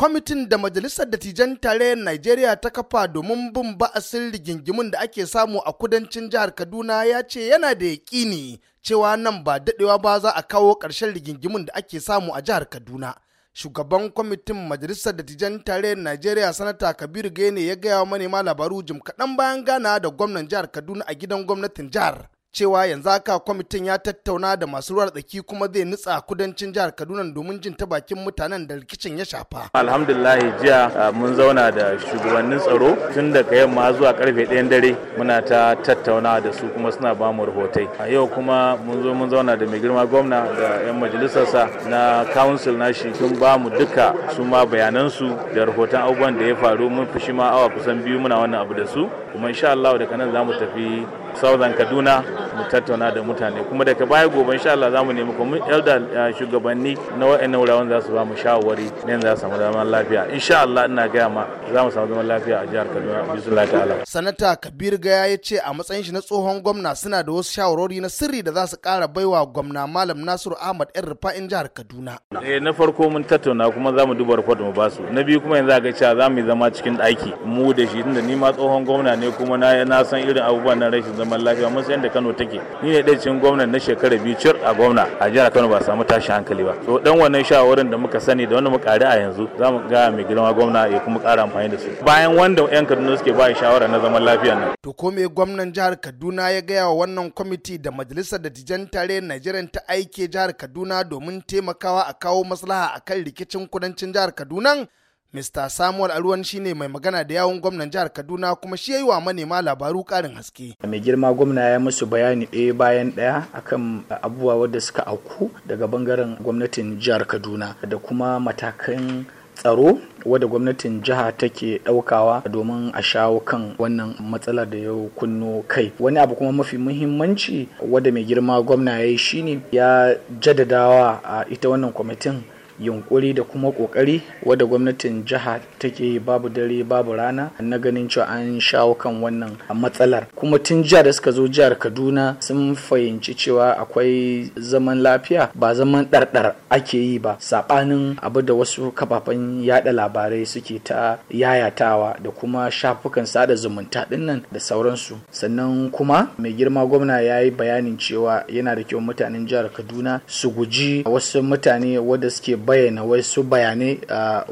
kwamitin da majalisar dattijan tarayyar Najeriya ta kafa domin bin ba'asin rigingimun da ake samu a kudancin jihar Kaduna ya ce yana da yaƙini cewa nan ba daɗewa ba za a kawo ƙarshen rigingimun da ake samu a jihar Kaduna. Shugaban kwamitin majalisar dattijan tarayyar Najeriya sanata Kabiru Gene ya gaya wa manema labaru jim kaɗan bayan gana da gwamnan jihar Kaduna a gidan gwamnatin jihar. cewa yanzu haka kwamitin ya tattauna da masu ruwa tsaki kuma zai nutsa kudancin jihar kaduna domin jin ta bakin mutanen da rikicin ya shafa alhamdullahi jiya uh, mun zauna da shugabannin tsaro tun daga yamma zuwa karfe dayan dare muna ta tattauna da su kuma suna ba mu rahotai a yau kuma mun zo mun zauna da mai girma gwamna da yan majalisarsa na council nashi sun ba mu duka su ma bayanansu da rahoton abubuwan da ya faru mun fi shi ma awa kusan biyu muna wannan abu da su kuma insha Allah daga nan za mu tafi Southern Kaduna mu tattauna da mutane kuma daga baya gobe insha Allah za mu nemi kuma elda eh, shugabanni na wa'annan wuraren za su ba mu shawari ne za su samu zaman lafiya insha Allah ina gaya ma za mu samu zaman lafiya a jihar Kaduna bismillah ta'ala sanata Kabir Gaya ya ce a matsayin shi na tsohon gwamna suna da wasu shawarori na sirri da za su kara baiwa gwamna Malam Nasiru Ahmad yan in jihar Kaduna eh na farko mun tattauna kuma za mu duba report mu ba na biyu kuma yanzu ga cewa za mu yi zama cikin ɗaki mu da shi tunda ni ma tsohon gwamna ne kuma na san irin abubuwan na rashin zaman lafiya mun san da Kano take take ni ne ɗaya cikin gwamnan na shekara biyu cir a gwamna a jihar Kano ba samu tashin hankali ba so dan wannan shawarin da muka sani da wanda muka ƙari a yanzu za mu ga mai girma gwamna ya kuma ƙara amfani da su bayan wanda 'yan Kaduna suke ba shawara na zaman lafiya nan. To ko me gwamnan jihar Kaduna ya gaya wa wannan kwamiti da majalisar dattijan tare Najeriya ta aike jihar Kaduna domin taimakawa a kawo maslaha akan rikicin kudancin jihar Kaduna? Mr. Samuel Aruwan shine mai magana da yawun gwamnan jihar Kaduna kuma shi ya yi wa manema labaru karin haske. Mai girma gwamna ya musu bayani ɗaya bayan ɗaya akan abubuwa wadda suka auku daga bangaren gwamnatin jihar Kaduna da kuma matakan tsaro wadda gwamnatin jiha take daukawa domin a shawo kan wannan matsalar da ya kunno kai wani abu kuma mafi muhimmanci wadda mai girma gwamna ya yi shine ya jaddadawa a ita wannan kwamitin yunkuri da kuma kokari wadda gwamnatin jiha take babu dare babu rana na ganin cewa an shawo kan wannan matsalar kuma tun jiya da suka zo jihar kaduna sun fahimci cewa akwai zaman lafiya ba zaman ɗarɗar ake yi ba saɓanin abu da wasu kafafen yada labarai suke ta yayatawa da kuma shafukan sada zumunta dinnan da sauransu sannan kuma mai girma gwamna ya yi bayanin cewa yana da kyau mutanen jihar kaduna su guji wasu mutane wadda suke bayyana wasu bayanai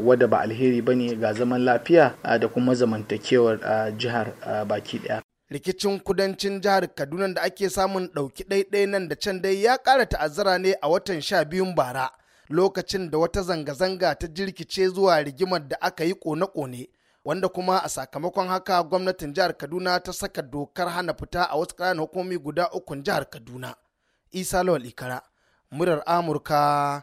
wadda ba alheri ba ne ga zaman lafiya da kuma zamantakewar jihar baki daya. rikicin kudancin jihar kaduna da ake samun ɗauki ɗaiɗai nan da can dai ya ƙara ta'azzara ne a watan sha biyun bara lokacin da wata zanga-zanga ta jirkice zuwa rigimar da aka yi kone-kone wanda kuma a sakamakon haka gwamnatin jihar kaduna ta saka dokar hana fita a wasu ƙananan hukumomi guda ukun jihar kaduna isa lawal ikara murar amurka